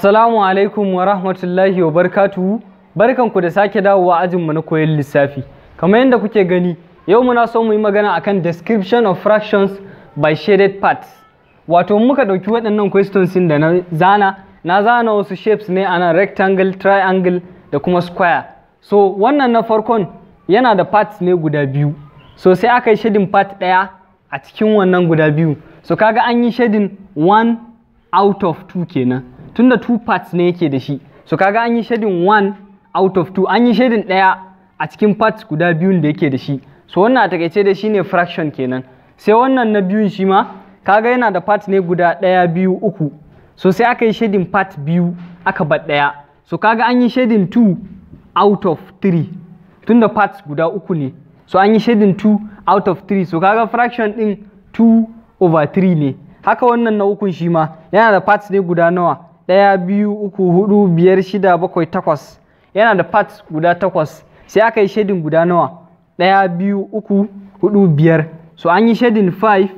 Assalamu alaikum wa rahmatullahi wa barkatu barkanku da sake dawowa ajinmu na koyon lissafi. Kamar yadda kuke gani, yau muna so mu yi magana akan description of fractions by shaded parts. Wato muka ɗauki waɗannan questions da na zana, na zana wasu shapes ne ana rectangle, triangle da kuma square. So wannan na farkon yana da parts ne guda biyu. So sai aka yi shading part ɗaya a cikin wannan guda biyu. So kaga an yi shading one out of two kenan. tunda two parts ne yake da shi so kaga an yi shadin one out of two an yi shadin ɗaya a cikin parts guda biyun da yake da shi so wannan a takaice dashi shine fraction kenan sai wannan na biyun shi ma kaga yana da part ne guda ɗaya biyu uku so sai aka yi shadin part biyu aka bar ɗaya so kaga an yi shadin two out of three tunda parts guda uku ne so an yi shadin two out of three so kaga fraction ɗin two over three ne haka wannan na ukun shi ma yana da parts ne guda nawa ɗaya biyu uku hudu biyar shida bakwai takwas yana da parts guda takwas sai aka yi shadin guda nawa ɗaya biyu uku hudu biyar so an yi shadin 5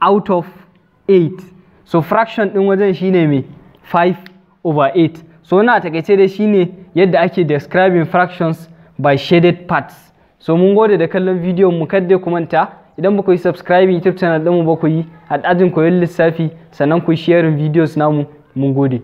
out of 8 so fraction din wajen shine mai 5 over 8 so na takaice dai shine yadda ake describing fractions by shaded parts so mun gode da kallon video mu kadai ku manta idan ba ku yi subscribe youtube channel mu ba ku yi haɗajin koyon lissafi sannan ku yi sharing videos namu mun gode